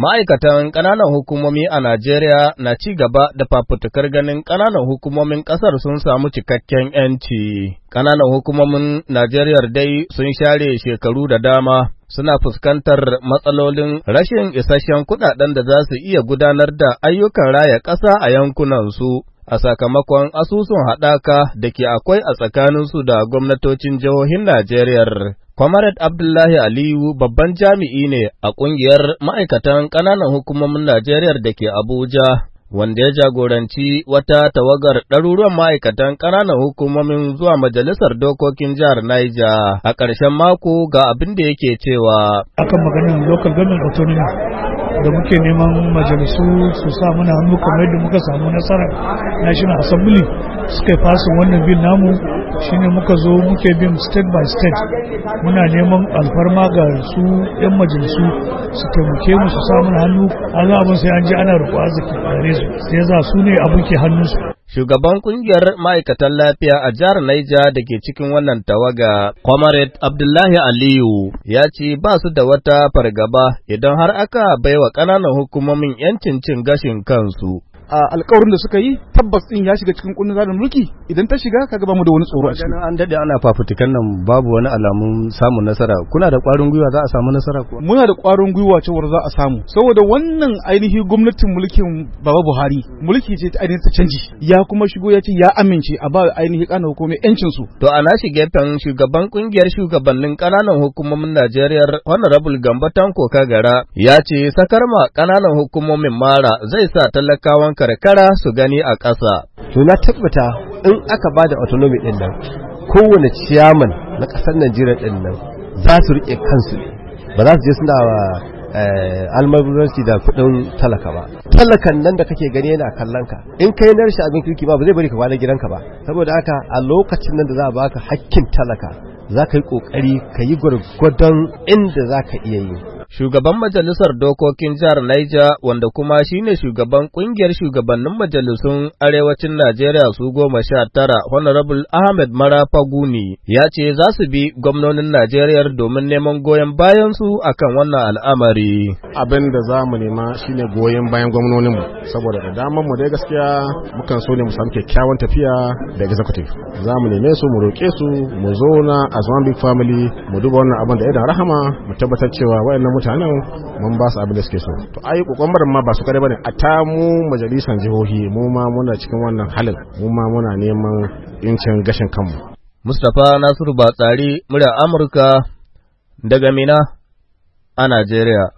Ma'aikatan ƙananan hukumomi a Najeriya na ci gaba da fafutukar ganin ƙananan hukumomin ƙasar sun samu cikakken ‘yanci. Ƙananan hukumomin Najeriya dai sun share shekaru da dama suna fuskantar matsalolin rashin isasshen kuɗaɗen da za su iya gudanar da ayyukan raya ƙasa a yankunansu a sakamakon asusun haɗaka da ke akwai a tsakaninsu da gwamnatocin jihohin Najeriya. Comrade Abdullahi Aliyu babban jami'i ne a ƙungiyar ma'aikatan ƙananan hukumomin Najeriya da ke Abuja, wanda ya jagoranci wata tawagar ɗaruruwan ma'aikatan ƙananan hukumomin zuwa Majalisar Dokokin Jihar Niger a ƙarshen mako ga abin da yake cewa. Akan maganin local government autonomy da muke neman majalisu su sa muna hannu kamar yadda muka samu nasara national assembly suka fasin wannan bil namu shine muka zo muke bin state by state muna neman alfarma ga su yan majalisu su taimake mu su sa muna hannu a abin sai an ji ana roƙo arziki a gare su sai za su ne abin ke hannunsu Shugaban ƙungiyar ma'aikatan lafiya a jihar Naija da ke cikin wannan tawaga, Comrade Abdullahi Aliyu, ya ce ba su da wata fargaba idan har aka baiwa ƙananan hukumomin ‘yancin cin gashin kansu. A alkawarin da suka yi tabbas din ya shiga cikin kundin tsarin mulki idan ta shiga kaga ba mu da wani tsoro a cikin an dade ana fafutukan nan babu wani alamun samun nasara kuna da kwarin gwiwa za a samu nasara kuwa muna da kwarin gwiwa cewa za a samu saboda wannan ainihi gwamnatin mulkin baba Buhari mulki ce ta ainihin ta canji ya kuma shigo ya ce ya amince a ba ainihi kana hukumar yancin su to a shige tan shugaban kungiyar shugabannin kananan hukumomin Najeriya Honorable Gamba Tanko Kagara ya ce sakarma kananan hukumomin Mara zai sa talakawan karkara su gani a ƙasa. To na tabbata in aka ba da autonomy ɗin nan kowane ciyaman na ƙasar Najeriya ɗin nan za su riƙe kansu ne ba za su je suna wa eh, almaburanci da kuɗin talaka ba. Talakan nan da kake gani yana kallon ka in kai na rashin abin kirki ba ba zai bari ka kwana gidanka ba saboda haka a lokacin nan da za a baka hakkin talaka za ka yi ƙoƙari ka yi gwargwadon inda za ka iya yi Shugaban Majalisar Dokokin Jihar Niger wanda kuma shine shugaban ƙungiyar shugabannin majalisun Arewacin Najeriya su goma sha tara Honorable Ahmed Marafaguni ya ce za su bi gwamnonin Najeriya domin neman goyon bayan su akan wannan al'amari. Abin da za mu nema shine goyon bayan gwamnoninmu saboda da damar mu dai gaskiya mukan so ne mu samu kyakkyawan tafiya da executive. za mu neme su mu roƙe su mu zauna as one big family mu duba wannan abin da idan rahama mu tabbatar cewa wayannan mutanen mun ba su abin da suke so to ai kokon barin ma ba su kare bane a ta mu majalisan jihohi mu ma muna cikin wannan halin mu ma muna neman incin gashin kanmu Mustapha Nasiru Batsari murya Amurka daga Mina a Najeriya